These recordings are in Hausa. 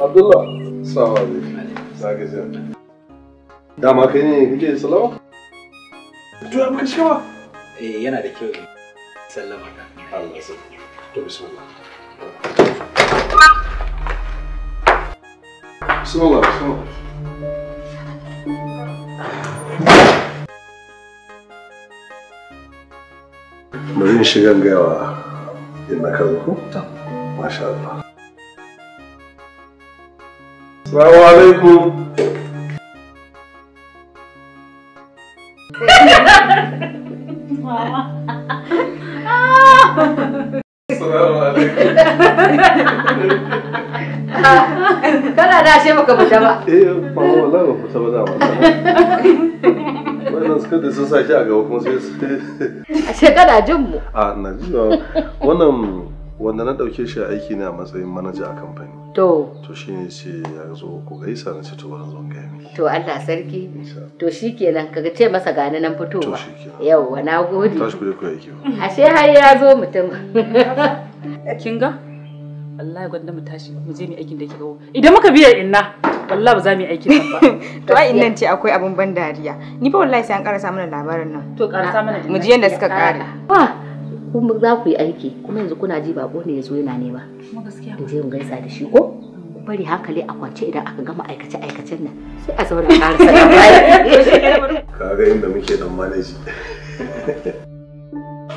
Abdullah. Sağ ol abi. Sağ gezer. Ya makineyi kuke salama? To ya muka cika ba? Eh yana da kyau. Sallama ka. Allah sa. To bismillah. Bismillah, bismillah. bari in shiga gawa in na ka zo ko masha Allah Assalamu alaikum Kana da ashe baka fita ba. Eh, ba wala ba fita ba da wannan suka da sun a gaba kuma sai su a shekara jin mu a na ji wannan wanda na dauke shi aiki ne a matsayin manaja a kamfani to to ne ce ya zo ku gaisa na ce to wurin zon gaya miki to Allah sarki to shikenan kaga ce masa gani nan fitowa yauwa na gode tashi ku ku aiki ashe har ya zo mutum kin ga wallahi gwanda mu tashi mu je mu aikin da yake gawo idan muka biya inna wallahi ba za mu yi aikin ba to ai innan ce akwai abun ban dariya ni fa wallahi sai an karasa mana labarin nan to karasa mana mu je yanda suka kare ba ah, ah. ah, kuma za ku yi aiki kuma yanzu kuna ji bako ne yazo yana nema kuma gaskiya mu je mu gaisa da shi ko bari hankali a kwance idan aka gama aikace aikacen nan sai a zauna karasa ka ga inda muke dan manaji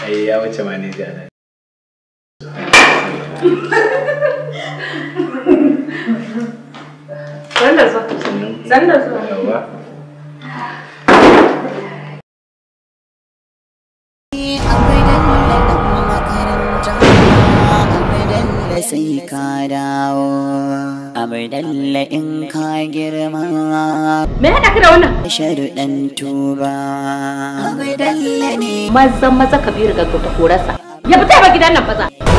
ai ya wuce manaji anan Sanda zo. Sanda zo. sai ka dawo abdalla in ka girma me ya ka wannan. wannan sharuɗan tuba abdalla ne maza maza kabiru ga ta ya fita ba gidan nan faza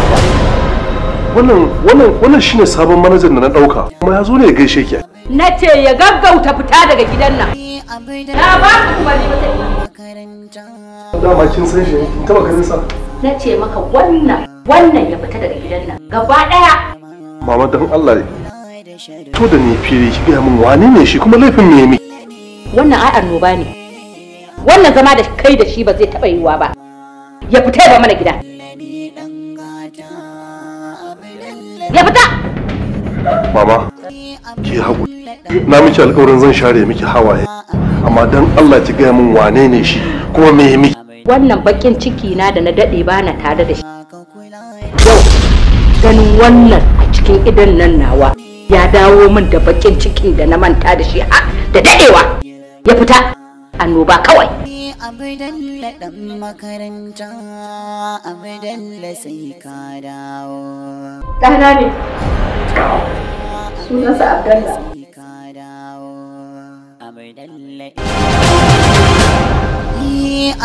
wannan wannan wannan shine sabon manajan da na dauka kuma ya zo ne ya gaishe ki na ce ya gaggauta fita daga gidan nan na ba ku kuma ne ba dama kin san shi kin taba ganin sa na ce maka wannan wannan ya fita daga gidan nan gaba daya mama dan Allah to da ni fili ki ga mun wani ne shi kuma laifin me ne wannan ai annoba ne wannan zama da kai da shi ba zai taba yiwa ba ya fita ba mana gida Mama, ki haƙuri. Na miki alƙawarin zan share miki hawaye. Amma dan Allah ki gaya min wane ne shi kuma me miki. Wannan bakin ciki na da na daɗe ba na tare da shi. Yau ganin wannan a cikin idan nan nawa ya dawo min da bakin ciki da na manta da shi a da daɗewa ya fita annoba kawai. Abidan makaranta abidan da sai ka dawo. Ɗana ne. sunansa abdallah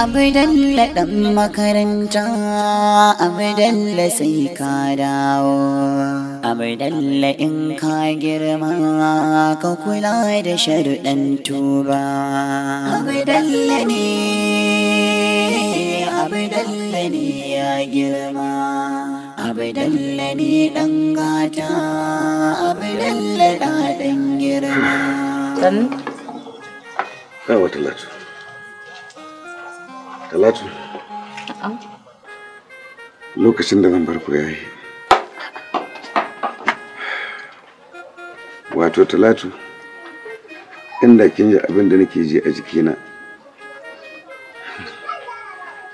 abdalla ɗan makaranta abdalla sai ka dawo abdalla in ka girma ka kula da sharuɗan tuba abdalla ne abdalla ne ya girma dalle ni dan gata dalle da dan girma sannu yawa talatu talatu lokacin da zan bar ku yayi wato talatu inda kin ji abin da nake ji a jikina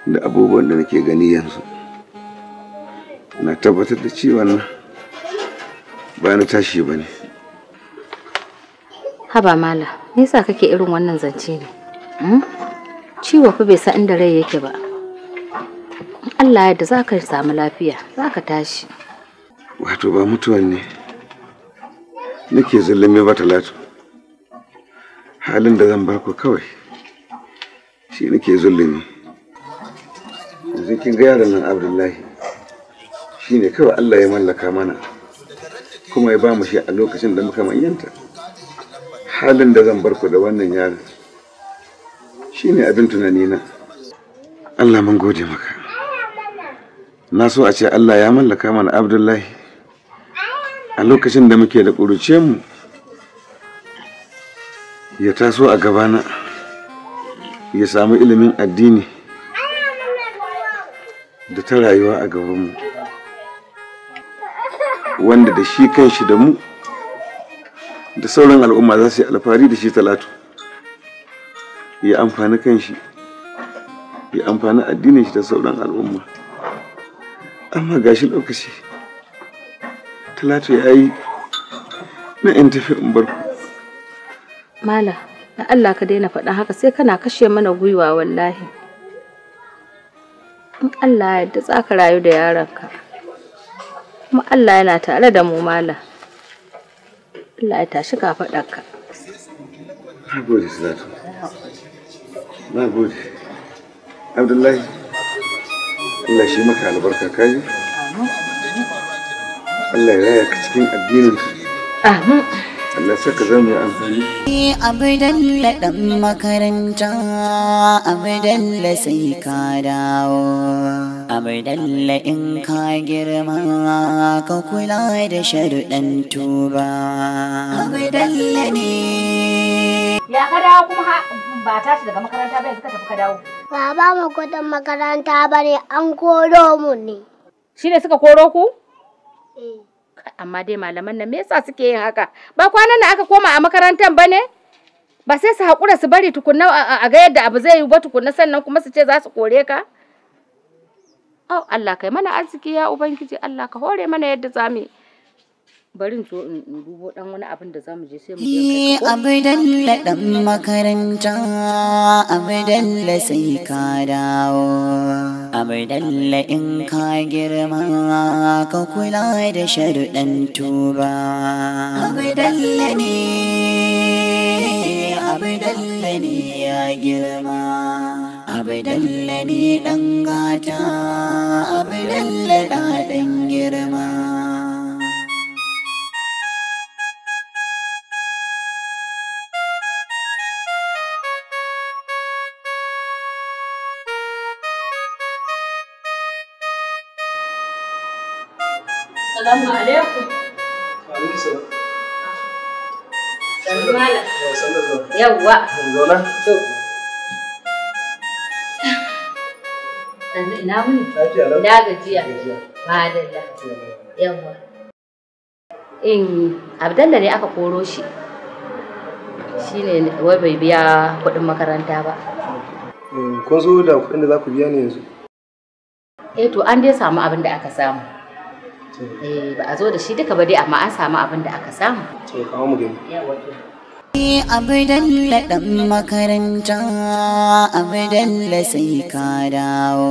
da abubuwan da nake gani yanzu na tabbatar da ciwon nan ba na tashi ba ne haba mala me kake irin wannan zance ne hmm? ciwo fa bai san inda rai yake ba Allah ya da za ka samu lafiya za ka tashi wato ba mutuwan ne nake zallin ba talatu halin da zan baku kawai shi nake zulumi yanzu kin ga yaron nan abdullahi shi kawai Allah ya mallaka mana kuma ya ba mu shi a lokacin da muka manyanta halin da zan barku da wannan yaron shi ne abin tunani na Allah mun gode maka na so a ce Allah ya mallaka mana Abdullahi a lokacin da muke da ƙuruce mu ya taso a gabana ya samu ilimin addini da ta rayuwa a gabanmu wanda da shi kan shi da mu da sauran al'umma za su yi alfahari da shi talatu ya amfani kan shi ya amfani addinin shi da sauran al'umma amma gashi lokaci talatu ya yi na in tafi in bar ku mala na Allah ka daina faɗa haka sai kana kashe mana gwiwa wallahi in Allah ya yarda za ka rayu da yaronka kuma Allah yana tare da mu mala Allah ya tashi ka faɗarka na gode sadatu na gode abdullahi Allah shi maka albarka kaji Allah ya raya ka cikin addinin amin Allah saka zan yi amfani. Abdalla ɗan makaranta, Abdalla sai ka dawo. Abdalla in ka girma ka kula da sharuɗan tuba. Abdalla ne. Ya ka dawo kuma ha ba tashi daga makaranta ba yanzu ka tafi ka dawo. Ba ba mu kudin makaranta ba ne an koro mu ne. Shi ne suka koro ku? Eh. amma dai malaman nan me yasa suke yin haka ba kwanan nan aka koma a makarantar ba ne ba sai su hakura su bari tukunna a ga yadda abu zai yi ba tukunna sannan kuma su ce za su kore ka Oh, Allah kai mana arziki ya Ubangiji Allah ka hore mana yadda za barin so in dubo dan wani abin da zamu je sai mu je abai dan makaranta abai sai ka dawo abai dalla in ka girma ka kula da sharuɗan tuba abai dalla ne abai dalla ne ya girma abai dalla ne dan gata abai dalla dan girma Yawwa. Na To. Sannu ina muni? Lafiya lau. Na gajiya. Madalla. Yawwa. In Abdalla ne aka koro shi. Shi ne wai bai biya kuɗin makaranta ba. Mm, kun zo da kuɗin da za ku biya ne yanzu? Eh to an dai samu abin da aka samu. Eh, ba a zo da shi duka ba dai amma an samu abin da aka samu. To kawo mu gani. Yawwa. abdalla ɗan makaranta abdalla sai ka dawo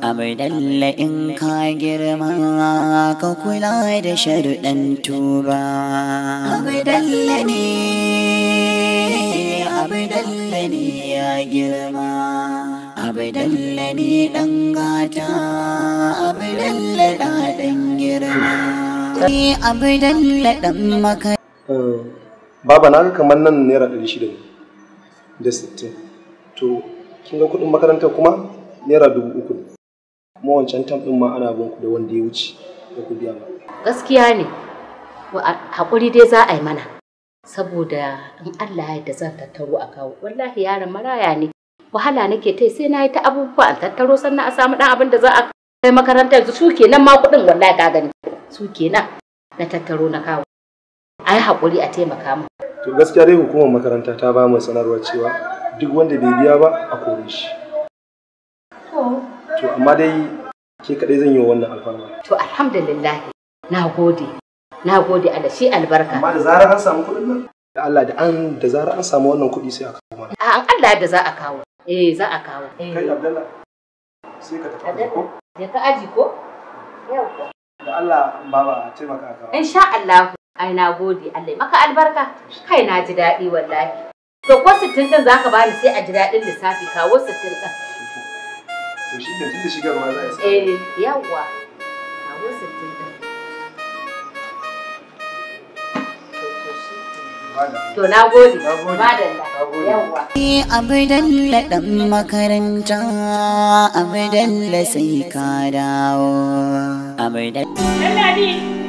abdalla in ka girma ka kula da sharuɗan tuba abdalla ne abdalla ne ya girma abdalla ne ɗan gata abdalla da dan girma abdalla ɗan makaranta oh. baba na ga kamar nan naira ɗari shida ne da sittin to kin ga kuɗin makaranta kuma naira dubu uku ne kuma wancan tam ɗin ma ana bin ku da wanda ya wuce da ku biya ba gaskiya ne haƙuri dai za a yi mana saboda in Allah ya yarda zan tattaro a kawo wallahi yaron maraya ne wahala nake yi. sai na yi ta abubuwa an tattaro sannan a samu ɗan abin da za a kai makaranta yanzu su kenan ma kuɗin wallahi ka gani su kenan na tattaro na kawo a yi haƙuri a taimaka mu. To gaskiya dai hukumar makaranta ta ba mu sanarwar cewa duk wanda bai biya ba a kore shi. To amma dai ke kaɗai zan yi wannan alfarma. To alhamdulillah na gode. Na gode Allah shi albarka. Amma da zarar an samu kuɗin nan? Da Allah da an da zarar an samu wannan kuɗi sai a kawo mana. An Allah da za a kawo. Eh za a kawo. Eh. Kai Abdallah sai ka tafi ko? Ya ka aji ko? Yau ko. Da Allah baba taimaka ka. Insha Allah. Ai na gode Allah maka albarka. Kai na ji daɗi wallahi. To ko sittin din za ka bani sai a ji daɗin lissafi kawo sittin din. To shi da tunda shigarwa za Eh yawwa. Kawo sittin To na gode. Madalla. Yawwa. Abdalla ɗan makaranta, Abdalla sai ka dawo. Dalladi.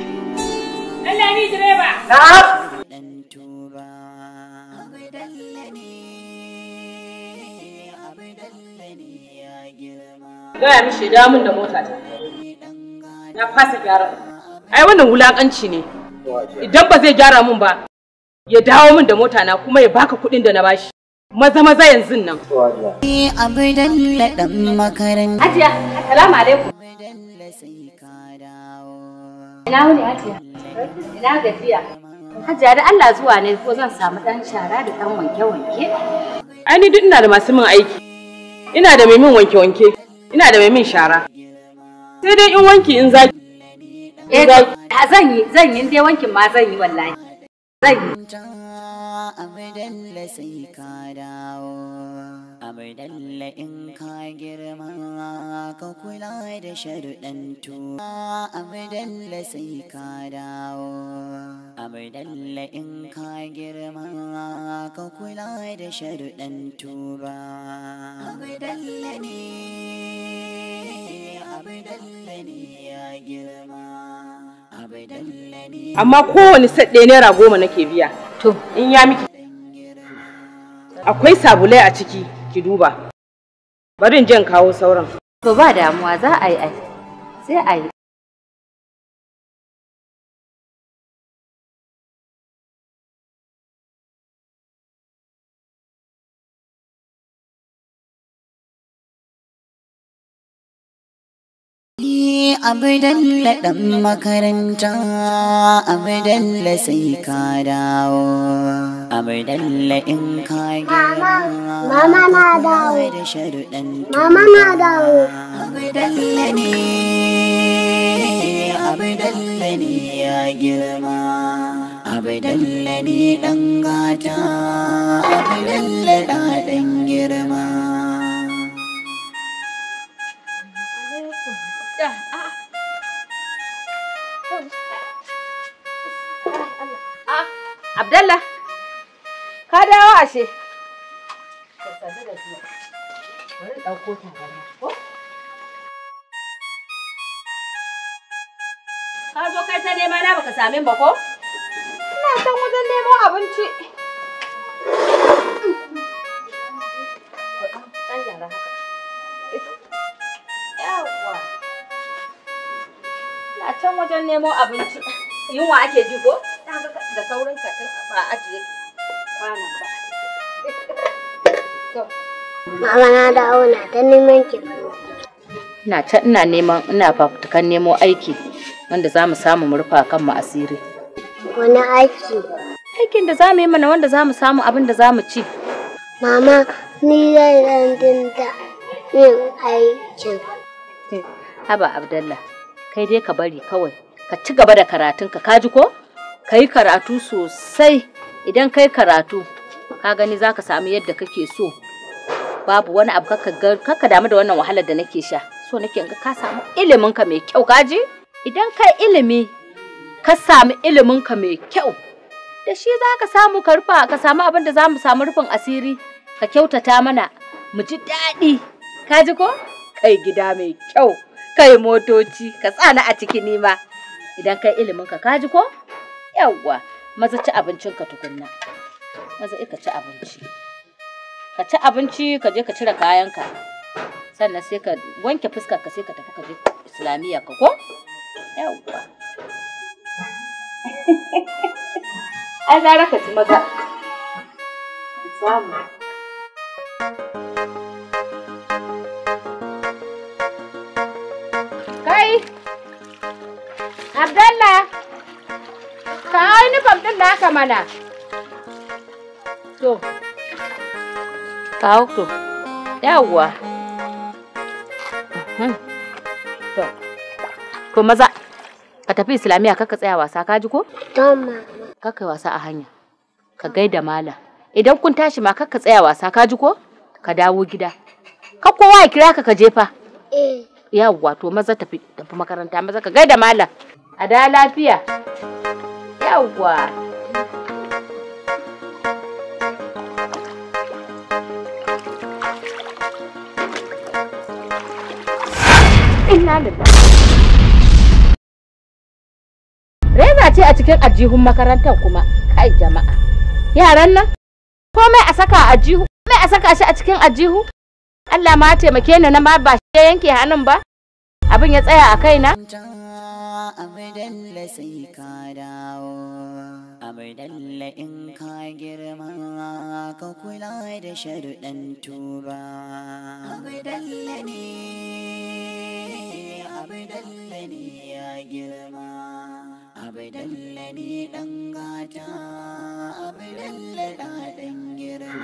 ni direba. Na'am. Dan tuba. Gaya mishi da mun da mota ta. Na fasa gyara. Ai wannan wulakanci ne. Idan ba zai gyara mun ba, ya dawo min da mota na kuma ya baka kuɗin da na bashi. Maza maza yanzu nan. Hajiya, assalamu alaikum. Ina wuni ajiya. Ina gajiya. Hajiya da Allah zuwa ne ko zan samu ɗan shara da ɗan wanke-wanke. Ai ni duk ina da masu min aiki. Ina da mai min wanke-wanke. Ina da mai min shara. Sai dai in wanki in zaki. Eh zan yi zan yi dai wankin ma zan yi wallahi. Zan yi. bai dalla in ka girma ka kula da tu abu dalla sai ka dawo abu dalla in ka girma ka kula da tu ba abu dalla ne abu dalla ne ya girma amma kowane set ɗaya naira goma nake biya to in ya miki akwai sabulai a ciki ki duba. Bari in je kawo sauran. To ba damuwa za a yi ai. Sai a yi. abdalla dan makaranta abdalla sai ka dawo abdalla in ka gina mama na dawo da sharuɗan mama na dawo abdalla ne abdalla ne ya girma abdalla ne dan gata abdalla da dan girma Abdallah, ka dawo ashe. Ka zo kai ta nema na baka same ba ko? Ina san wajen nemo abinci. Yawwa. Ina can wajen nemo abinci. Yunwa ake ji ko? da sauran katin ba ajiye kwanan ba mama na da auna ta neman ki ina ta ina neman ina fafutukan nemo aiki wanda za mu samu mu rufa kan mu asiri wani aiki aikin da za mu yi mana wanda za mu samu abin da za mu ci mama ni zai ran dinta yin aikin eh, haba abdallah kai dai ka bari kawai ka ci gaba da karatunka ka ji ko ka yi karatu sosai idan ka yi karatu ka gani za ka samu yadda kake so babu wani abu kaka damu da wannan wahalar da nake sha so nake ga ka samu iliminka mai kyau kaji idan ka yi ilimi ka samu iliminka mai kyau da shi za ka samu ka ka samu abin da za mu samu rufin asiri ka kyautata mana mu ji daɗi kaji ji ko kai gida mai kyau kai motoci ka tsana a ciki nima idan ka yi iliminka ka ko Yawwa, maza ci abincin ka tukunna. Maza ka ci abinci. Ka ci abinci ka je ka cire kayanka. Sannan sai ka wanke fuska ka sai ka tafi ka je Islamiyya ka ko? Yawwa. Ai gara ka ci maza. Kai! Abdallah! Ka uniform ɗin aka mana. To. Kawo to. Yawwa. Mhm. To. To maza. Ka tafi Islamiyya kaka tsaya wasa ka ji ko? To Kaka wasa a hanya. Ka gaida malam. Idan kun tashi ma kaka tsaya wasa ka ji ko? Ka dawo gida. Ka kowa ya kira ka ka jefa. Eh. Yawwa to maza tafi tafi makaranta maza ka gaida malam. A da lafiya. yawwa Reza ce a cikin ajihun makarantar kuma kai jama'a. Yaran nan komai a saka a jihu, komai a saka shi a cikin ajihu. Allah ma taimake ni na ma ba shi yanke hannun ba. Abin ya tsaya a kaina. amdalla sai ka dawo amdalla in ka girma ka kula da sharuɗan tuba amdalla ne amdalla ne ya girma amdalla ne ɗan gata amdalla ɗan girma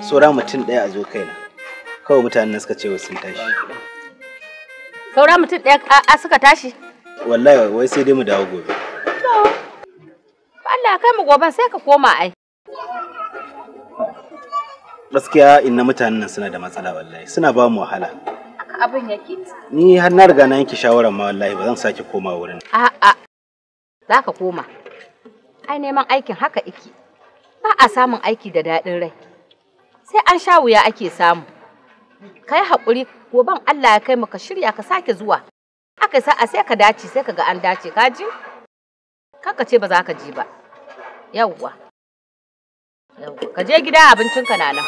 saura mutum ɗaya a zo kaina kawai mutanen suka ce sun tashi saura mutum ɗaya a suka tashi wallahi wai sai dai mu dawo gobe Allah kai mu goban sai ka koma ai gaskiya inna mutanen nan suna da matsala wallahi suna ba mu wahala abin yake ni har na riga na yanke shawara ma wallahi ba zan sake koma wurin a a za ka koma ai neman aikin haka iki ba a samun aiki da daɗin rai sai an sha wuya ake samu ka yi haƙuri goban Allah ya kai maka shirya ka sake zuwa aka sa a sai ka dace sai ka ga an dace ka ji ce ba za ka ji ba yawwa Ka je gida abincin kanana.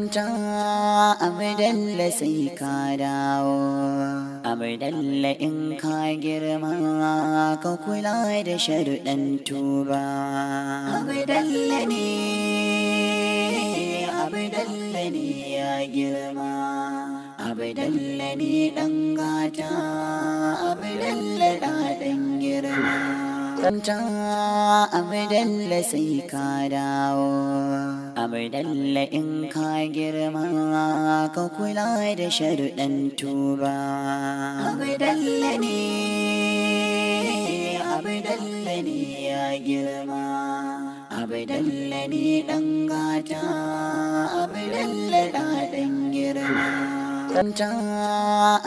nan. sai ka dawo, Abdalla in ka girma ka kula da sharuɗan tuba. Abdalla ne, Abdalla ne ya girma. Abdalla ne ɗan gata, Abdalla ɗan girma. Kanta Abdalla sai ka dawo. Abdalla in ka girma ka kula da sharuɗan tuba. Abdalla ne, Abdalla ne ya girma. Abdalla ne ɗan gata, Abdalla ɗan girma. Kanta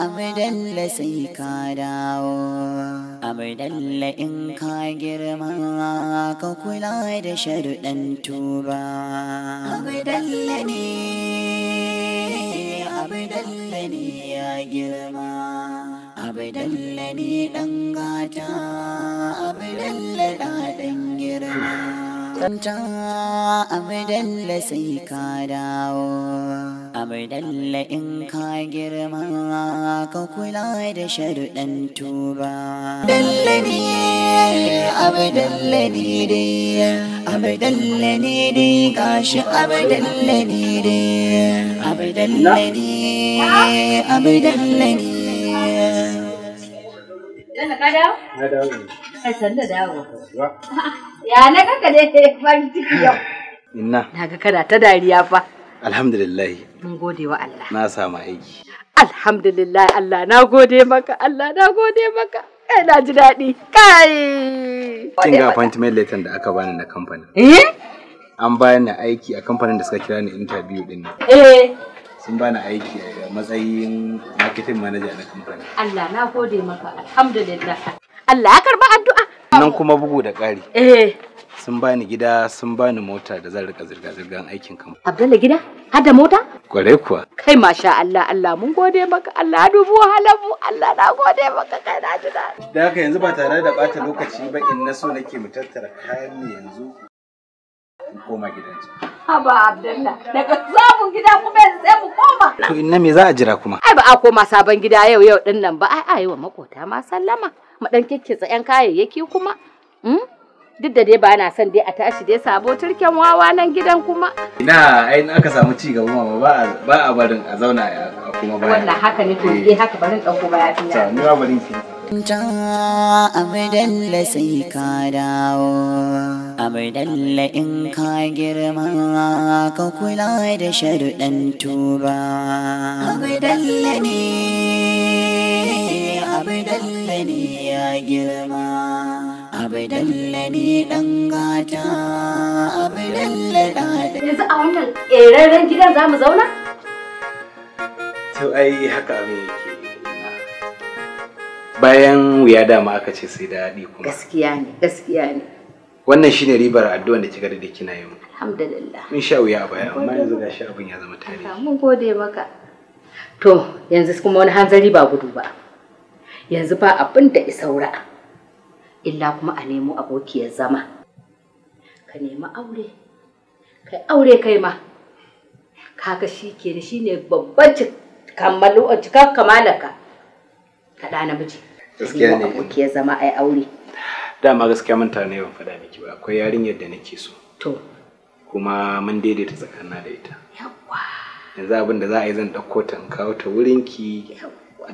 Abdalla sai ka dawo. abai in ka girma ka kula da sharuɗan tuba abai ne abai ne ya girma abai ne ɗan gata abai dalle ɗan girma Kanta sai ka dawo abai dalle in ka girma ka kula da sharuɗan tuba dalle ne abai dalle ne dai abai dalle ne dai gashi abai dalle ne dai abai dalle ne abai dalle ne Dalla ka Ya na kaka ne farin ciki yau. Ina. Na kaka da ta dariya fa. Alhamdulillah. Mun gode wa Allah. Na samu aiki. Alhamdulillah Allah na gode maka Allah na gode maka. Kai eh, na ji daɗi. Kai. Kin ga appointment letter da aka bani na kamfani. Eh? An bani aiki a kamfanin da suka kira ni interview din nan. Eh. Sun bani aiki a matsayin marketing manager na kamfani. Allah na gode maka alhamdulillah. Allah ya karba addu'a. Nan kuma bugu da ƙari. Eh. sun bani gida sun bani mota da zan rika zirga-zirgar aikin kan. Abdalla gida? Har da mota? Kwarai kuwa. Kai masha Allah Allah mun gode maka Allah dubu halabu Allah na gode maka kai na ji Da haka yanzu ba tare da bata lokaci ba in na so nake mu tattara kayan mu yanzu in koma gidan can. Haba Abdalla daga zamu gida kuma yanzu sai mu koma. To inna me za a jira kuma? Ai ba a koma sabon gida yau yau din nan ba ai ai wa makota ma sallama mu dan kekkeza 'yan kayayyaki kuma. Hmm? duk da dai ba na son dai a tashi dai sabo turken wawa nan gidan kuma. Ina ai aka samu ci gaba mama ba ba a barin a zauna a kuma baya. Wannan haka ne to eh haka barin dauko baya fiya. Ta ni ba barin ki. Ta abdalla sai ka dawo, abdalla in ka girma ka kula da sharuɗan tuba. Abdalla ne, abdalla ne ya girma. abdalladi dan gata abdallada yanzu a wannan ƙeraren gidan za mu zauna? to ai haka abin yake bayan wuya dama aka ce sai daɗi kuma gaskiya ne gaskiya ne wannan shine ribar addu'an da kika da kina yi alhamdulillah mun sha wuya a baya amma yanzu gashi abin ya zama tarihi mun gode maka to yanzu kuma wani hanzari ba gudu ba yanzu ba abin da isaura illa kuma a nemo abokiyar zama ka nemi aure kai aure kai ma kaga shi ke shi ne babban cikar kamalaka ka ɗa namiji gaskiya ne abokiyar zama ai aure dama gaskiya manta ne ban faɗa miki ba akwai yarinyar da nake so to kuma mun daidaita tsakanina da ita yawa yanzu abin da za a yi zan ɗauko ta in kawo ta wurinki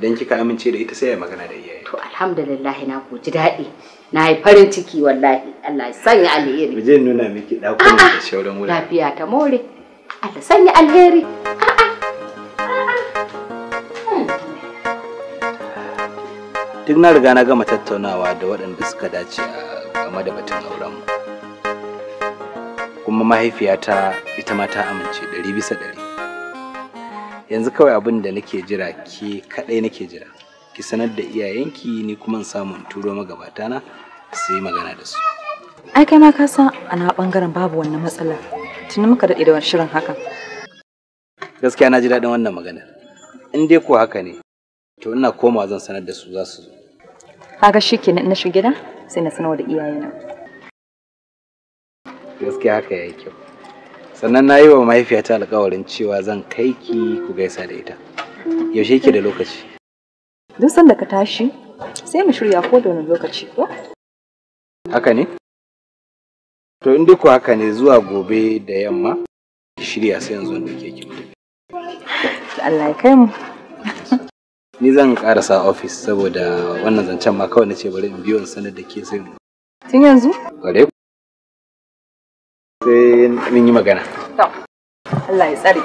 dan kika amince da ita sai ya magana da iyaye to alhamdulillah na ku ji daɗi na yi farin ciki wallahi Allah sanya alheri je nuna miki dakunan da shauran wurare lafiya ta more Allah sanya alheri hmm. duk na riga na gama tattaunawa da waɗanda suka dace game da batun aurenmu kuma mahaifiyata ita ma ta amince ɗari bisa ɗari yanzu kawai abin da nake jira ke kaɗai nake jira ki sanar da iyayenki ni kuma samun turo magabata na su yi magana da su ai kai ma ka san a na bangaren babu wannan matsala tuni muka daɗe da shirin hakan gaskiya na ji daɗin wannan magana in dai ko haka ne to ina koma zan sanar da su za su zo kaga shikenan na shi gida sai na sanar da iyayena gaskiya haka yayi kyau sannan na yi wa mahaifiyata alkawarin cewa zan kai ki ku gaisa da ita yaushe ke da lokaci duk sanda ka tashi sai mu shirya ko da wani lokaci ko haka ne to in dai ku haka ne zuwa gobe da yamma shirya sai yanzu wanda ke ki Allah ya kai mu ni zan karasa ofis saboda wannan zancen ma kawai nace bari in biyo sanar da ke sai tun yanzu kare sai mun yi magana to Allah ya tsare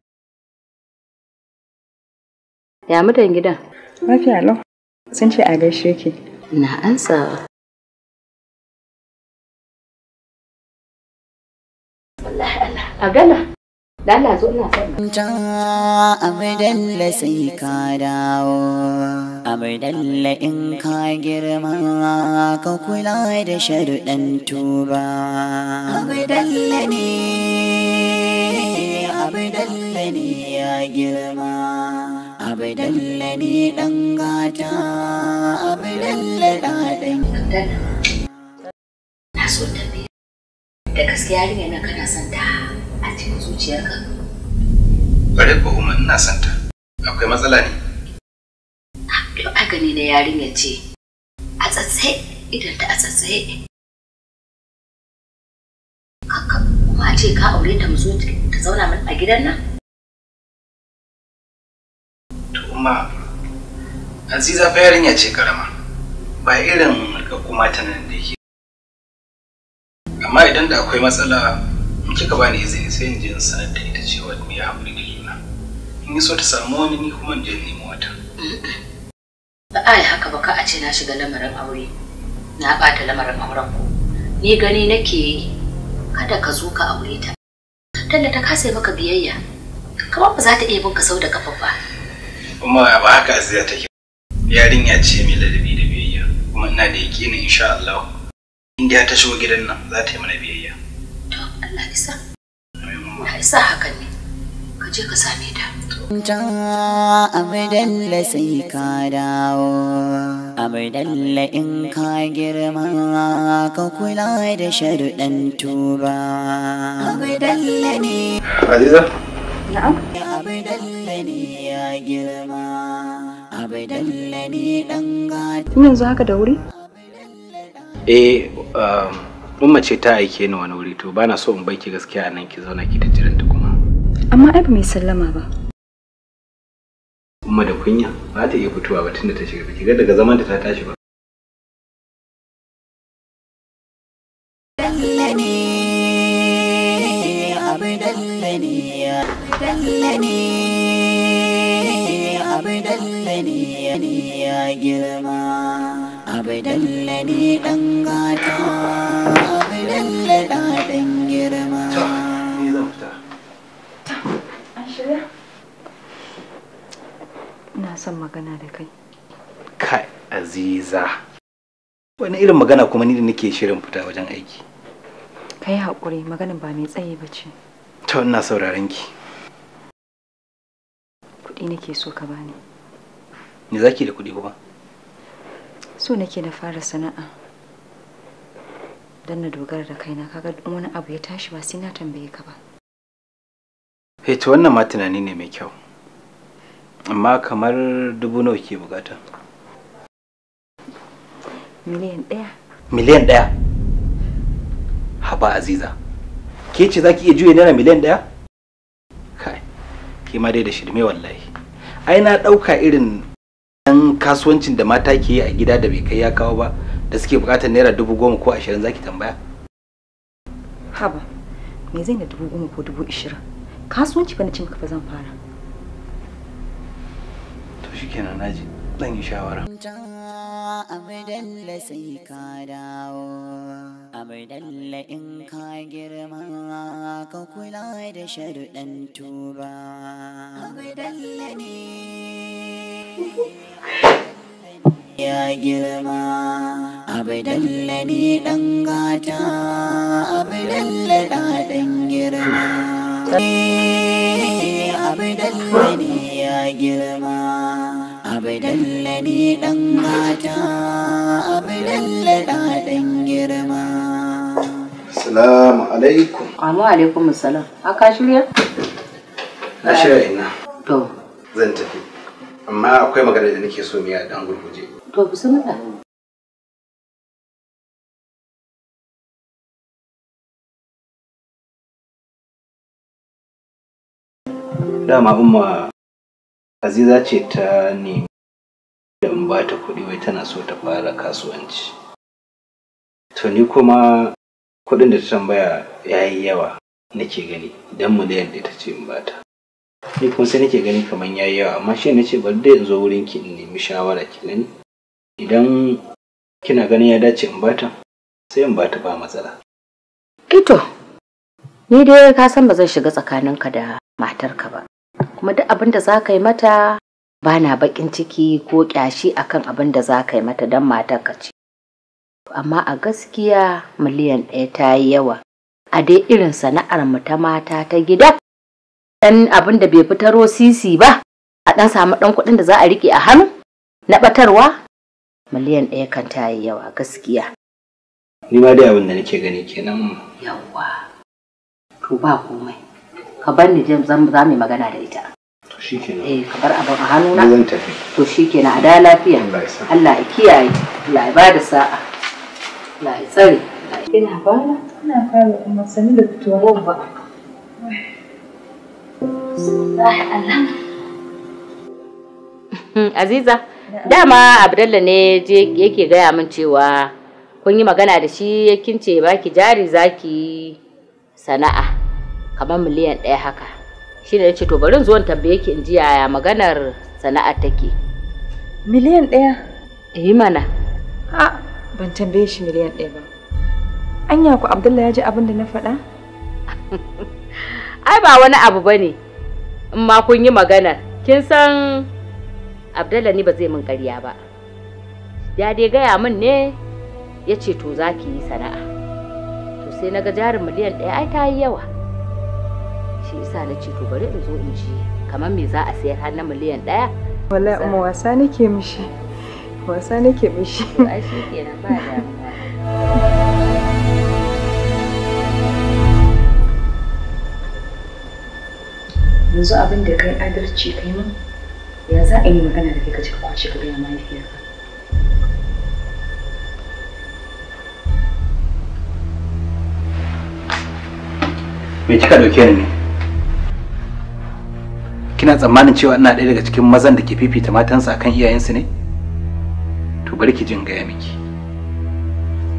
Ya mutan gidan? Lafiya lau. Sun ce a gaishe ki. Na ansa. A gana. Da Allah zo ina son. Ta abdalla sai ka dawo. Abdalla in ka girma ka kula da sharuɗan tuba. Abdalla ne, abdalla ne ya girma. abu dallani dan gata abu dallada dan na so tafiya da gaskiya yarinya na kana son ta a cikin zuciyarka bare ko kuma ina son ta akwai matsala ne to a gani da yarinya ce a tsatsaye idan ta a tsatsaye kuma a ce ka aure ta mu zo ta zauna a gidan nan kuma aziza fa yarinya ce karama ba irin kuma ta nan da ke amma idan da akwai matsala in kika bani izini sai in je in sanar da ita cewa me ya haƙuri da juna in yi so ta samu wani ni kuma in je nemo wata ba a yi haka ba ka a ce na shiga lamarin aure na ɓata lamarin auren ku ni gani nake yi kada ka zo ka aure ta tunda ta kasa maka biyayya kamar ba za ta iya bin ka sau da kafa ba kuma ba haka aziza take ya ce mai ladabi da biyayya kuma ina da yakinin insha Allah inda ta shigo gidan nan za ta yi mana biyayya to Allah isa Allah isa hakan ne ka je ka same ta ta abdalla sai ka dawo abdalla in ka girma ka kula da sharuɗan tuba abdalla ne aziza Na'am. yanzu haka da wuri? Eh, um, umma ce ta aike ni wani wuri to na so in baiki gaskiya nan ki zauna ki ta jiran ta kuma. Amma ai ba mai sallama ba. Umma da kunya ba ta iya fitowa ba tunda ta shiga ba ki ga daga zaman ta tashi ba. ni ya girma abu dalle ni dan gata abu dalle dan girma ina son magana da kai kai aziza wani irin magana kuma ni da nake shirin fita wajen aiki kai haƙuri maganin ba mai tsaye ba ce to ina sauraron ki kuɗi nake so ka bani Me ki da kuɗi kuma? So nake na fara sana'a. Dan na dogara da kaina kaga wani abu ya tashi ba sai na tambaye ka ba. Hey, eh, to wannan ma tunani ne mai kyau. Amma kamar dubu nawa ke bukata? Miliyan ɗaya. Miliyan ɗaya? Haba Aziza. Ke ce za ki iya juya naira miliyan ɗaya? Kai, ke ma dai da shirme wallahi. Ai na ɗauka irin ɗan kasuwancin da mata ke yi a gida da bai kai ya kawo ba da suke buƙatar naira dubu goma ko ashirin zaki tambaya haba me zai na dubu goma ko dubu ashirin kasuwanci ba na cin ba zan fara to shikenan naji zan yi shawara abdalla sai ka dawo abdalla in ka girma ka kula da sharuɗan tuba abdalla ne ya girma abdalla ne ɗan gata abdalla ɗan girma abdalla ne ya girma abdalla ni dan mata abdalla da dan girma Assalamu alaikum. Amma alaikum assalam. Aka shirya? Na shirya ina. To. Zan tafi. Amma akwai magana da nake so miya dan gurguje. To bismillah. Dama umma Aziza ce ta nemi da in ba ta kuɗi wai tana so ta fara kasuwanci. To ni kuma kuɗin da ta tambaya ya yi yawa nake gani don mu da ta ce in ba ta. Ni kuma sai nake gani kamar ya yi yawa amma shi na ce bari dai yanzu zo wurin ki in nemi shawara ki gani. Idan kina ganin ya dace in ba ta sai in ba ta ba matsala. Ito, ni dai ka san ba zan shiga tsakaninka da matarka ba. kuma duk abin da za ka yi mata ba na baƙin ciki ko ƙyashi akan abin da za ka yi mata don ka ce. Amma a gaskiya miliyan ɗaya ta yi yawa, a dai irin sana'ar mu ta mata ta gida, ɗan abin da bai fitaro sisi ba, a ɗan samu ɗan kuɗin da za a riƙe a hannu na ɓatarwa, miliyan ɗaya kan ta yi yawa gaskiya. Ni ma dai abin da nake gani kenan. Yawwa, to ba komai, ka bar ni zan za mu magana da ita. shikenan eh ka bar abin a hannuna zan tafi to shikenan a da lafiya Allah ya kiyaye Allah ya bada sa'a Allah ya tsare ina bana ina kare umma sani da fitowar ba Aziza, dama Abdalla ne yake gaya min cewa kun yi magana da shi ya kince baki jari zaki sana'a kamar miliyan ɗaya haka. shine ya ce to bari zuwan tambaye ki in ji yaya maganar sana'a take miliyan ɗaya eh mana a ban tambaye shi miliyan ɗaya ba anya ku abdullahi ya ji abin da na faɗa ai ba wani abu ba ne in ma kun yi maganar kin san abdullahi ni ba zai min ƙarya ba ya dai gaya min ne ya ce to za ki yi sana'a to sai na ga jarin miliyan ɗaya ai ta yi yawa ce isa na ce to bari in zo in ji kamar me za a sayar har na miliyan ɗaya wallahi umma wasa nake mishi wasa nake mishi ai shi kenan ba damuwa yanzu abin da kai adalci kai mun ya za a yi magana da kai ka ci ka kwace ka gaya mahaifiyarka me cika dauke ne kina tsammanin cewa ina ɗaya daga cikin mazan da ke fifita matansa akan iyayensu ne to bari ki jin gaya miki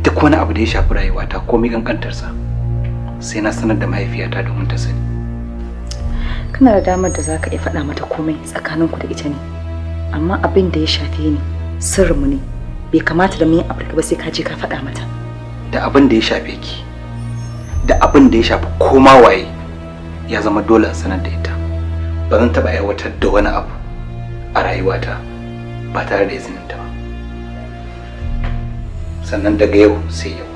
duk wani abu da ya shafi rayuwata komai kankantarsa sai na sanar da mahaifiyata domin ta sani kana da damar da za ka iya faɗa mata komai ku da ita ne amma abin da ya shafe ni sirrinmu ne bai kamata da yi abu ba sai ka je ka faɗa mata da abin da ya shafe ki da abin da ya shafi koma waye ya zama dole a sanar da ita ba zan taɓa aiwatar da wani abu a rayuwata ba tare da izininta ba sannan daga yau sai yau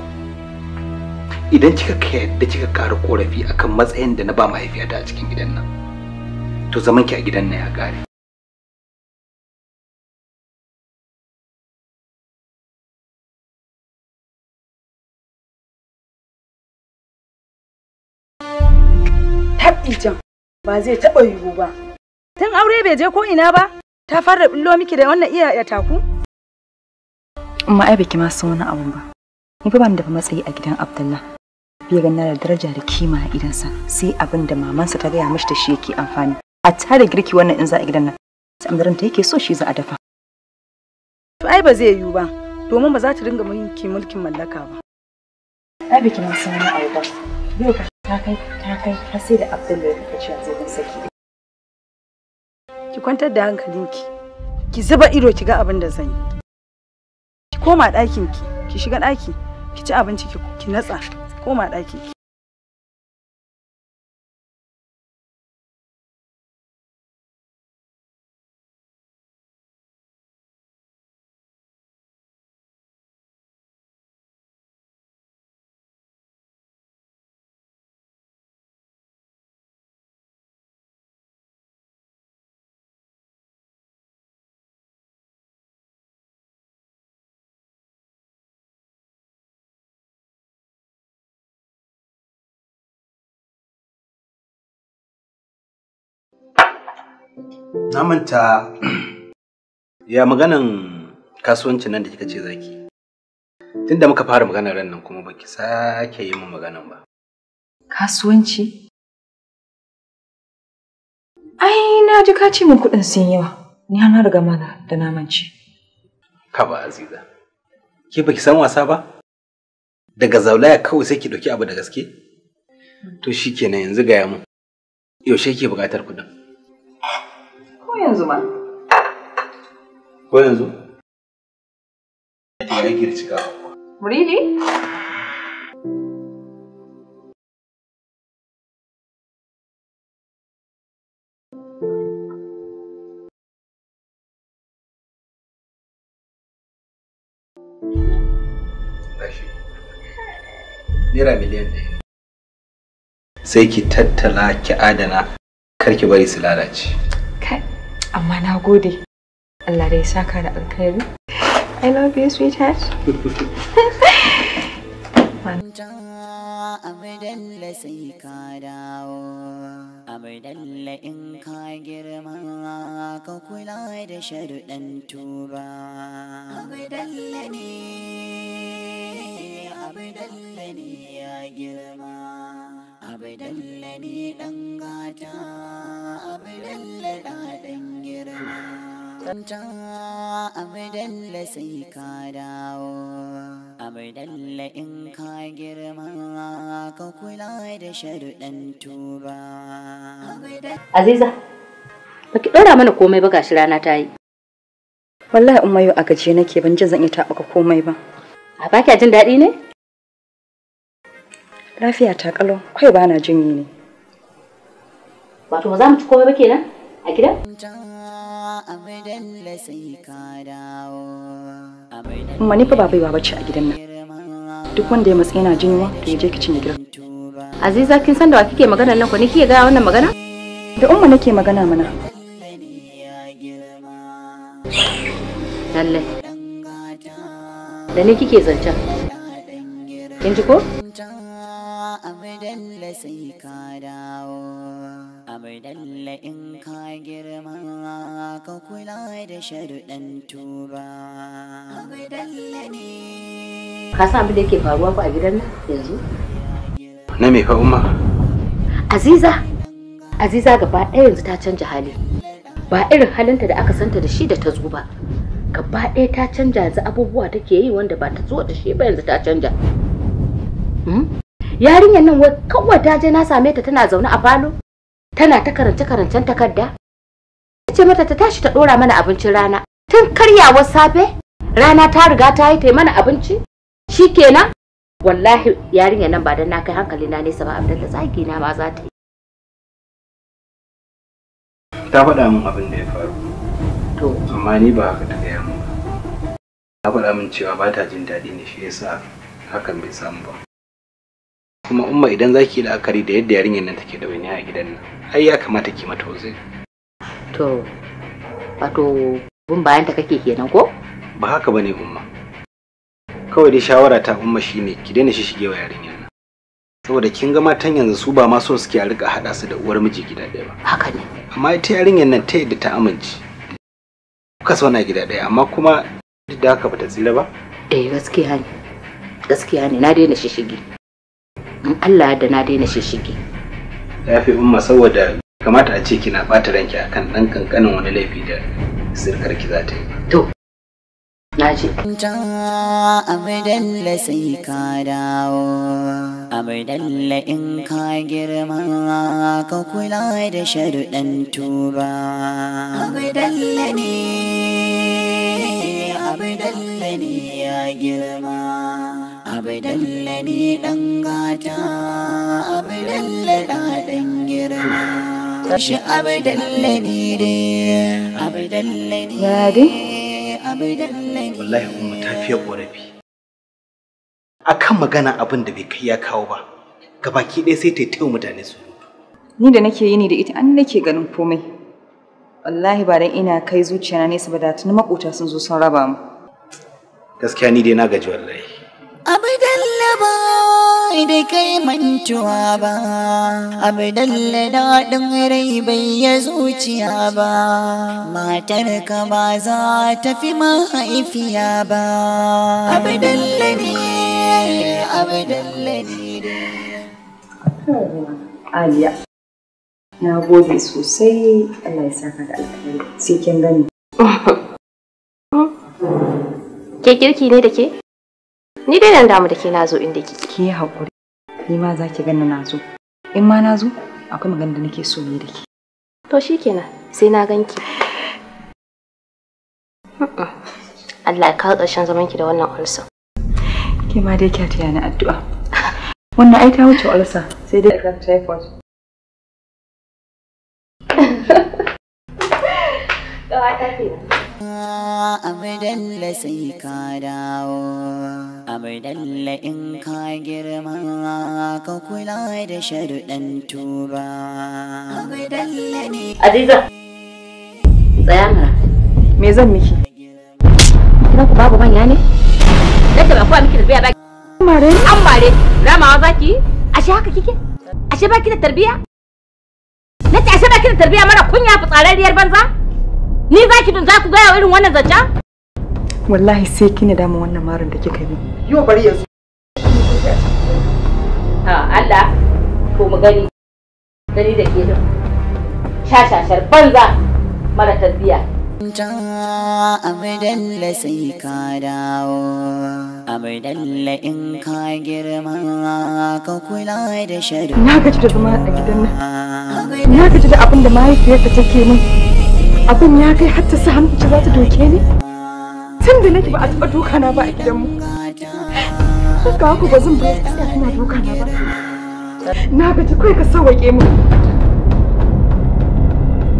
idan kika yadda kika ƙara korafi akan matsayin da na ba mahaifiyata a cikin gidan nan to zaman ki a gidan nan ya ƙare ba zai taɓa yiwu ba. Tun aure bai je ko ina ba, ta fara billo miki da wannan iya ya taku? Amma ai baki ma san wani abu ba. Ni fa ba da matsayi a gidan Abdullah. Bai ganna da daraja da kima a gidansa, sai abin da mamansa ta gaya mishi da shi yake amfani. A tare girki wannan in za a gidan nan, sai amdaran ta yake so shi za a dafa. To ai ba zai yiwu ba, domin ba za ta dinga mulkin mallaka ba. Ai baki ma san wani abu ba. ta kai ta kai har sai da abdullahi da ce zai mun saki ki kwantar da hankalinki ki zuba ido ki ga abin da zan yi ki koma ɗakin ki ki shiga ɗaki ki ci abinci ki natsa koma ɗaki ki Na manta ya maganan kasuwancin nan da kika ce zaki. Tunda muka fara maganar ran nan kuma baki sake yi min maganan ba. Kasuwanci? Ai na ji ka ce min kuɗin sun yawa. Ni na riga mana da namanci. Ka ba Aziza. Ke baki san wasa ba? Daga zaulaya kawai sai ki ɗauki abu da gaske? To shikenan yanzu gaya mun. Yaushe ke buƙatar kuɗin? ko yanzu ma ko yanzu tare gircika really Naira miliyan ɗaya. Sai ki tattala ki adana kar ki bari su lalace. amma na gode Allah dai saka da alkhairi I love you sweetheart in ka girma ka kula da sharuɗan tuba. ne ya girma. abdalle ni dan gata abdalle daɗin girma ta abdalle sai ka dawo abdalle in ka girma ka kula da sharuɗan tuba aziza baki ɗora mana komai ba gashi rana ta yi wallahi umayo a gaje nake ban jin zan iya taɓa komai ba a baki jin daɗi ne Lafiya ta kalo kai ba na jinyi ne. Wato za mu ci komai ba kenan a gidan? Amma ni fa ba baiwa bace a gidan nan. Duk wanda ya matsa yana jinwa to ya je kicin ya Aziza kin san da wa kike magana nan ko ni kike ga wannan magana? Da umma nake magana mana. Lalle. Da ne kike zancen? Kin ji ko? amdalla sai ka dawo amdalla in ka girma ka kula da sharuɗan tuba amdalla ne ka san abin da yake faruwa ku a gidan nan yanzu na me fa umma aziza aziza gaba ɗaya yanzu ta canja hali ba irin halinta da aka santa da shi da ta zo ba gaba ɗaya ta canja yanzu abubuwa take yi wanda ba ta zo da shi ba yanzu ta canja hmm? yarinyar nan wai kawai ta je na same ta tana zaune a falo tana ta karance karancen takarda ta ce mata ta tashi ta dora mana abincin rana tun karyawa safe rana ta riga ta yi ta mana abinci shikenan wallahi yarinyar nan ba dan na kai hankali na nesa ba abin da zagi na ma za ta yi ta faɗa min abin da ya faru to amma ni ba haka ta gaya min ta faɗa min cewa ba ta jin daɗi ne shi yasa hakan bai samu ba kuma umma idan za ki la'akari da yadda yarinyar nan take da wani a gidan nan ai ya kamata ki mata wuzi to wato bin bayan ta kake kenan ko ba haka bane umma kawai dai shawara ta umma shine ki daina shigewa yarinyar nan saboda kin ga matan yanzu su ba ma son suke a rika hada su da uwar miji gida ɗaya ba haka ne amma ita yarinyar nan ta yadda ta amince kuka na gida ɗaya amma kuma duk da haka bata tsira ba eh gaskiya ne gaskiya ne na daina shishigi in Allah da na daina shishigi ya fi umma saboda kamata a ce kina bata ranki akan dan kankanin wani laifi da sirkar ki za ta yi to naji ta abdalla sai ka dawo abdalla in ka girma ka kula da sharuɗan tuba abdalla ne abdalla ne ya girma abu dallani dan gata abu dallada dan girma shi abu dallani dai abu dallani abu dallani wallahi umma ta fiye ƙorafi akan magana abin da bai kai ya kawo ba gabaki ɗaya sai ta yi mutane su ni da nake yini da ita an nake ganin komai wallahi ba dan ina kai zuciya na nesa ba da tuni makota sun zo sun raba mu gaskiya ni dai na gaji wallahi Abdalla ba da kai mantuwa ba, Abdalla daɗin rai bai ya zuciya ba, matarka ba za ta fi mahaifiya ba. Abdalla ne, Abdalla ne Aliya, na gode sosai Allah ya saka da alkhairi sai kin gani. Ke kirki ne da ke? Ni dai nan damu da ke nazo inda kike. Ki hakuri. Ni ma za ki ganna nazo. In ma nazo akwai magana da nake so ne da ke. To shikenan sai na ganki. Allah ka kawo ƙarshen zaman ki da wannan ulsa. Ke ma dai kyatiya yana addu'a. Wannan ai ta wuce ulsa sai dai kan typhoid. Ƙawata kenan. Abdalla sai ka dawo, Abdalla in ka girma ka kula da sharuɗan tuba. Abdalla ne. Adiza, tsaya mana, me zan miki? Kina ku babu manya ne? Yadda ba kuwa miki tarbiya ba. Mare? An mare, ramawa za ki? Ashe haka kike? Ashe ba ki da tarbiya? Nace ashe ba ki da tarbiya mara kunya fitsararriyar banza? Ni za ki za ku gaya irin wannan zancen? Wallahi sai kini mu wannan marin da kika yi. y'o bari yanzu. Ha Allah ko mu gani. Gani da ke sha Shashashar banza mara tarbiyya. sai ka dawo abdalla in ka girma ka kula da shari'a na gaji da zama a gidan nan na gaji da abin da mahaifiyarka take mun. abin ya kai ta sa hannu za ta doke ni tun da nake ba a taɓa doka na ba a gidanmu haka ku ba zan bai tsaya tana doka na ba na gaji kai ka sawake mu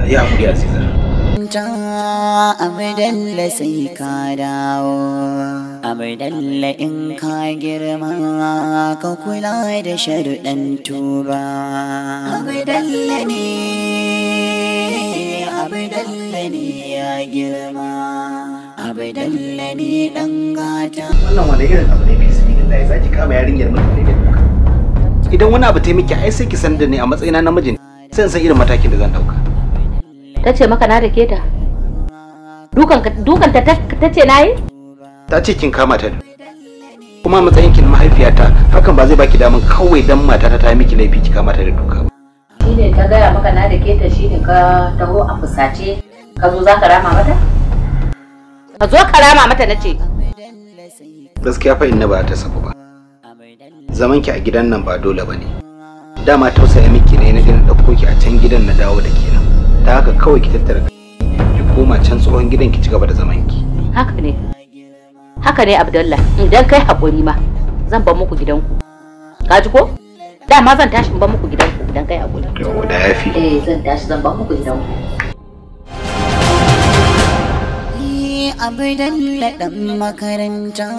ya hakuri aziza kwanta abdalla sai ka dawo abdalla in ka girma ka kula da sharuɗan tuba abdalla ne abdalla ne ya girma abdalla ne ɗan gata wannan wani irin abu ne fi Sani da ya zaki kama yarinyar mutane da idan wani abu ta yi miki ai sai ki san da ni a matsayina na namijin sai san irin matakin da zan dauka ta ce maka na rike ta dukan ta ta ce na yi ta ce kin kama ta kuma matsayin kin mahaifiyata hakan ba zai baki damun kawai dan mata ta miki laifi ki kama ta da duka ba shine ta gaya maka na rike ta shine ka taho a fusace ka zo zaka rama mata ka zo ka rama mata na ce gaskiya fa inna ba ta sabu ba zaman ki a gidan nan ba dole ba ne dama tausaya miki ne na gina ɗauko ki a can gidan na dawo da kenan ta haka kawai ki tattara ki koma can tsohon gidan ki cigaba da zaman ki haka ne haka ne abdullah idan kai hakuri ma zan bar muku gidanku ka ji ko dama zan tashi in bar muku gidanku idan kai hakuri yau da yafi eh zan tashi zan bar muku gidanku abdalla dan makaranta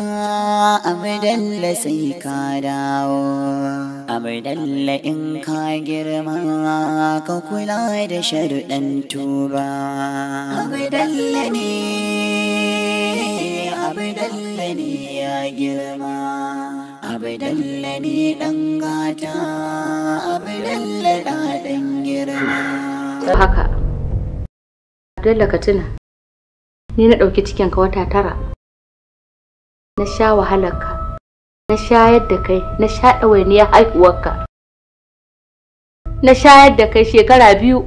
abdalla sai ka dawo abu dalla in ka girma ka kula da sharuɗan tuba abu dalla ne abu dalla ne ya girma abu dalla ne ɗan gata abu dalla dan girma haka dalla ka tuna ni na ɗauki cikinka wata tara na sha wahalarka na shayar da kai na sha ɗawainiyar haihuwarka na shayar da kai shekara biyu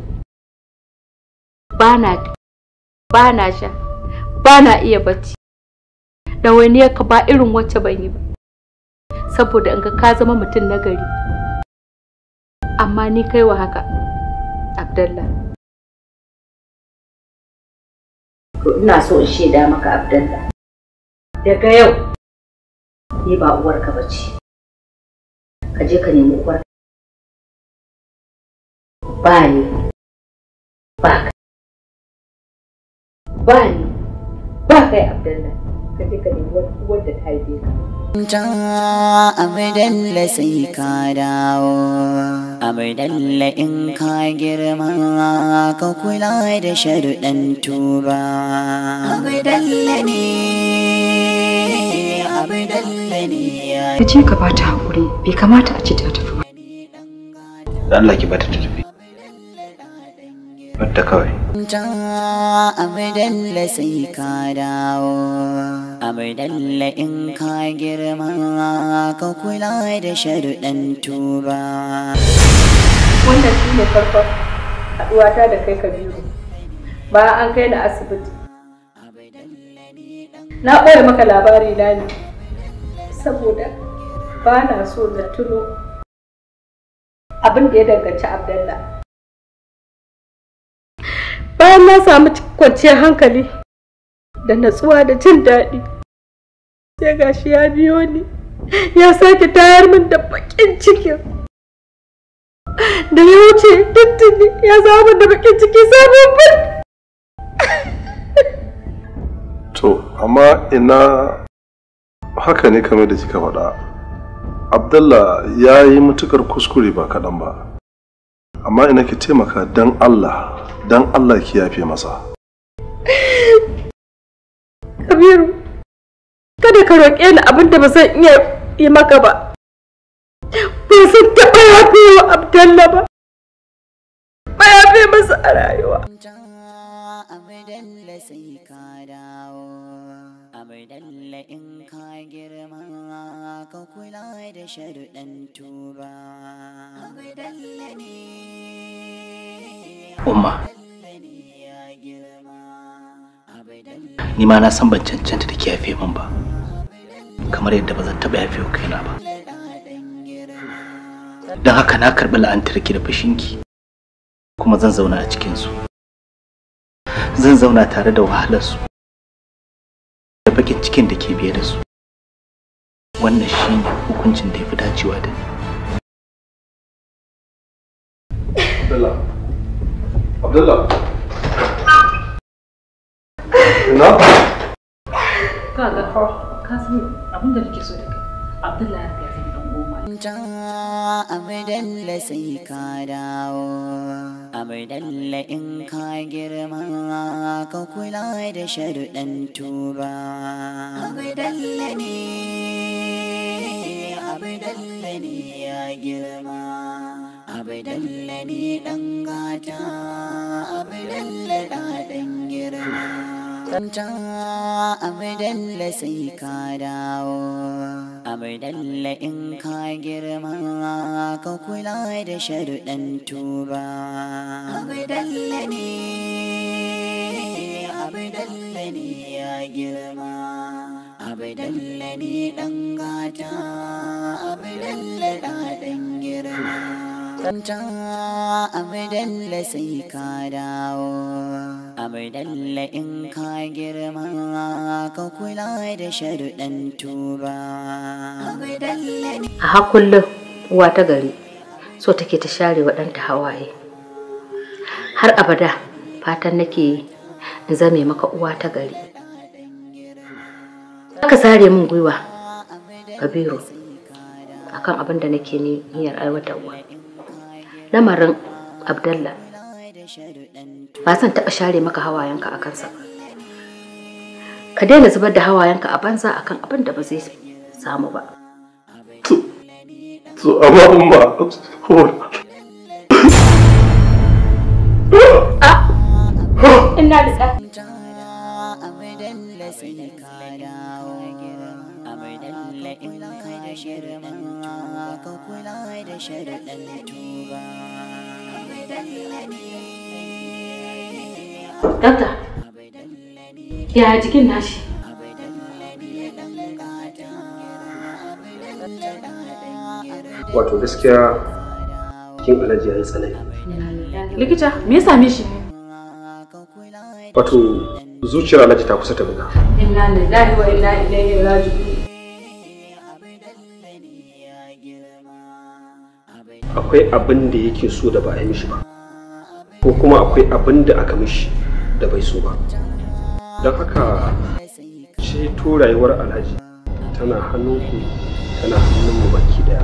ba na sha ba na iya bacci ɗawainiyar ka ba irin wacce ban yi ba saboda in ga ka zama mutum na gari amma ni kai wa haka abdallah ina so in shaida maka abdallah daga yau ni ba uwarka ba ce ka je ka nemi uwarka ba ni ba ka ba ni ba kai abdullahi ka je ka nemi wadda ta haife ka. Ta abdalla sai ka dawo, abdalla in ka girma ka kula da sharuɗan tuba. Abdalla ne, abdalla ne. Ka je ka ba ta haƙuri, bai kamata a ce ta tafi ba. Da Allah ki ta tafi. Bata kawai. Ta abdalla sai ka dawo. abdalla in ka girma ka kula da sharuɗan tuba. Wannan shi ne farkon haɗuwata da kai Kabiru. ba an kai na asibiti. Na ɓoye maka labari na ne, saboda ba na so na tuno abin da ya danganci Abdallah. Bayan na samu kwanciyar hankali da natsuwa da jin daɗi. ya gashi ya biyo ni ya sake tayar min da bakin cikin da ya wuce tuntuni ya samu da bakin ciki sabon bin to amma ina haka ne kamar da kika faɗa abdalla ya yi matukar kuskure ba kaɗan ba amma ina ki taimaka don allah don allah ki yafe masa kabiru kada ka roƙe ni abin da ba zan iya yi maka ba ba zan taɓa yafe abdalla ba ba yafe masa a rayuwa abdalla sai ka dawo abdalla in ka girma ka kula da sharuɗan tuba abdalla ne umma ni ma na san ban cancanta da ke yafe min ba kamar yadda ba zan taɓa yafe wa kaina ba don haka na karɓi la'antarki da fashinki kuma zan zauna a cikinsu zan zauna tare da wahalarsu da bakin cikin da ke biye da su wannan shi ne hukuncin da ya fi dacewa da ni Abdullah Abdullah Ina? fa. ka san abin da nake so abdullahi ya sai ka dawo abdalla in ka girma ka kula da sharuɗan tuba abdalla ne abdalla ne ya girma abdalla ne ɗan gata abdalla ɗan girma Tantan amidalla sai ka dawo, amidalla in ka girma ka kula da sharuɗan tuba. Amidalla ne, ya girma. Abidalla ne ɗan gata, abidalla ɗan girma. abdalla in ka girma ka A hakullin uwa ta gari so take ta share wa ɗanta hawaye. Har abada fatan nake in zame maka uwa ta gari. Aka sare min gwiwa, Kabiru, akan abin da nake niyyar aiwatarwa. lamarin abdallah ba zan taɓa share maka hawayenka a kansa ka daina zubar da hawayenka a banza akan abin da ba zai samu ba amma umma, ah! Ina da lalle in kai ya jikin nashi? Wato gaskiya kin alaji ya yi tsanani. Likita, me ya same shi? Wato zuciyar alaji ta kusa ta buga. Inna lillahi wa inna ilaihi raji'un. akwai abin da yake so da ba a yi mishi ba ko kuma akwai abin da aka mishi da bai so ba don haka ceto rayuwar alhaji tana ku tana mu baki daya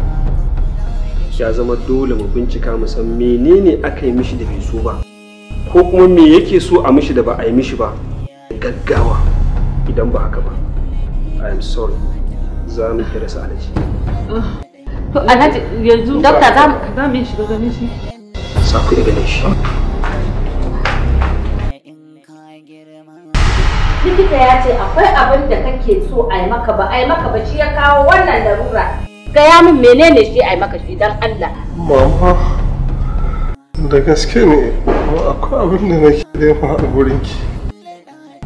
ya zama dole mu bincika mu san menene aka yi mishi da bai so ba ko kuma me yake so a mishi da ba a yi mishi ba gaggawa idan ba haka ba i am sorry za mu kira sa alhaji ah. Alhaji yanzu dokta za mu shiga ganin shi. Za ku iya ganin shi. Likita ya ce akwai abin da kake so a yi maka ba a yi maka ba shi ya kawo wannan larura. Gaya min menene shi a yi maka shi don Allah. Mama da gaske ne akwai abin da nake nema a gurinki.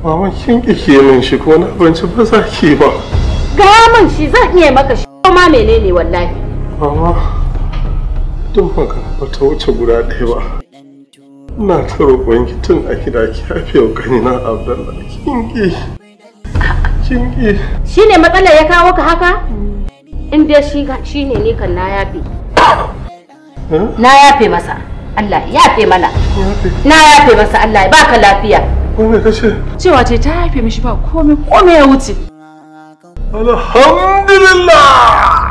Mama kin kike min shi ko na abinci ba za ki ba. Gaya min shi zan iya maka shi ko ma menene wallahi. ba ma duk magana bata wuce guda ɗaya ba ina ta roƙon ki tun a gida ki haife wa kanina abdallah kin ki shine matsalar ya kawo ka haka in dai shi shine ne kan na yafe eh? na yafe masa Allah ya yafe mana na yafe masa Allah ba ka lafiya kome me kace cewa ce ta yafe mishi ba komai komai ya wuce alhamdulillah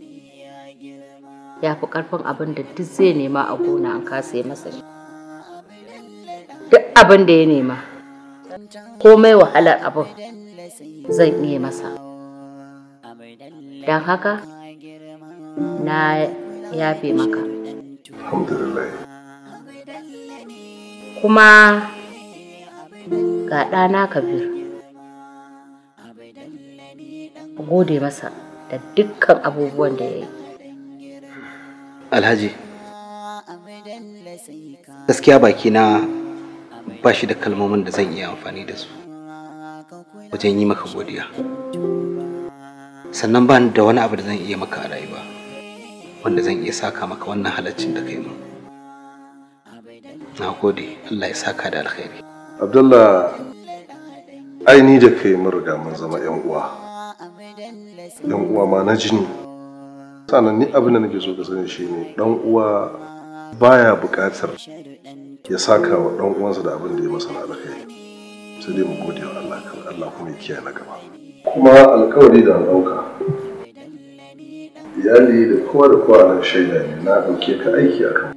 ya fi ƙarfin abin da duk zai nema a gona an kasa yi masa shi duk abin da ya nema komai wahalar abin zan iya masa don haka na yafe maka kuma ga ɗana kabir gode masa da dukkan abubuwan da ya yi alhaji gaskiya baki na ba shi da kalmomin da zan iya amfani da su wajen yi maka godiya sannan ba da wani abu da zan iya maka a rayuwa wanda zan iya saka maka wannan halaccin da kai mu na gode allah ya saka da alkhairi abdullah aini da kai mun riga mun zama yan uwa yan uwa ma na jini sannan ni abin da nake so ka sani shi ne, dan uwa baya buƙatar ya saka wa dan uwansa da abin da ya masa na alkhairi sai dai mu gode wa Allah kan Allah kuma ya kiyaye na gaba kuma alkawari da ɗauka iyali da kowa da kowa na shaida ne na dauke ka aiki akan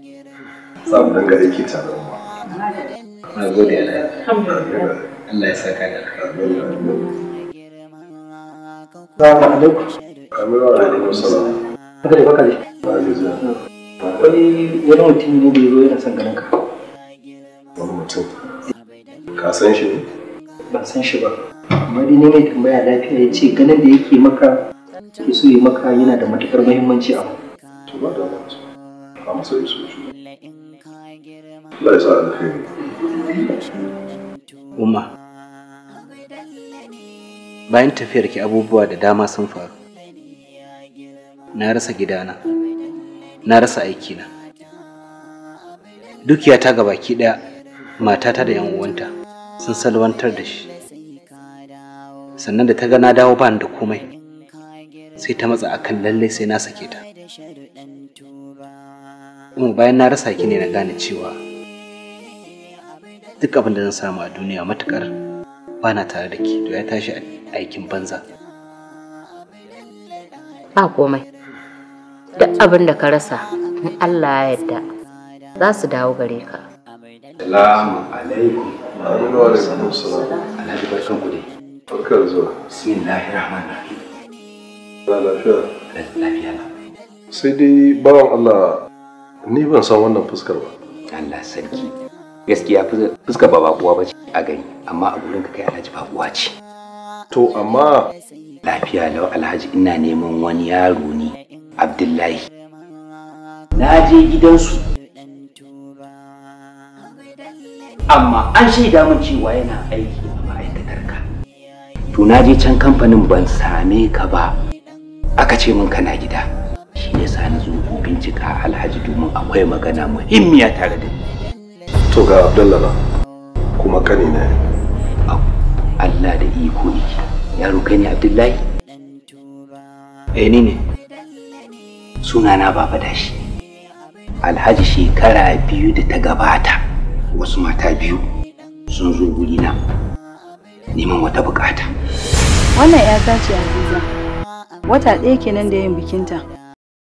za mu dinga aiki tare mu na gode Allah Allah ya saka da Assalamu alaikum. Assalamu alaikum. haka da baka da shi ba gaza wani wani mutum ne da ya zo yana son ganin ka wani mutum ka san shi ne ban san shi ba amma dai ne mai tambaya lafiya ya ce ganin da yake maka ke so yi maka yana da matukar muhimmanci a to ba da mutu a masa yi soci Allah ya sa alheri Umma bayan tafiyar ki abubuwa da dama sun faru na rasa gidana na rasa aikina ta ga baki ɗaya matata da yan uwanta sun salwantar da shi sannan da ta ga na dawo ba da komai sai ta matsa akan lallai sai na sake ta kuma bayan na rasa ki ne na gane cewa duk abin da zan samu a duniya matukar ba na tare da ki to ya tashi aikin banza ba komai duk abin da ka rasa in Allah ya yarda za su dawo gare ka. Salamu alaikum. Aminu wa alaikum salam. Alhaji barkan ku dai. Barkan zuwa. Bismillahir rahmanir rahim. Ba lafiya. Lafiya na. Sai dai bawan Allah ni ban san wannan fuskar ba. Allah sarki. Gaskiya fuskar ba kowa ba ce a gani amma a gurin ka kai Alhaji bakuwa ce. To amma lafiya lau Alhaji ina neman wani yaro ne abdullahi na je gidansu amma an shaida min cewa yana aiki a ma'aikatar ka to na je can kamfanin ban same ka ba aka ce min kana gida shi ne sa na zo bincika alhaji domin akwai magana muhimmiya tare da ni to ga abdullahi kuma kani ne Allah da iko yaro kai ne abdullahi eh ni ne sunana baba dashi alhaji shekara biyu da ta gabata wasu mata biyu sun zo wurina neman wata bukata wannan ya zace a wata ɗaya kenan da yin bikinta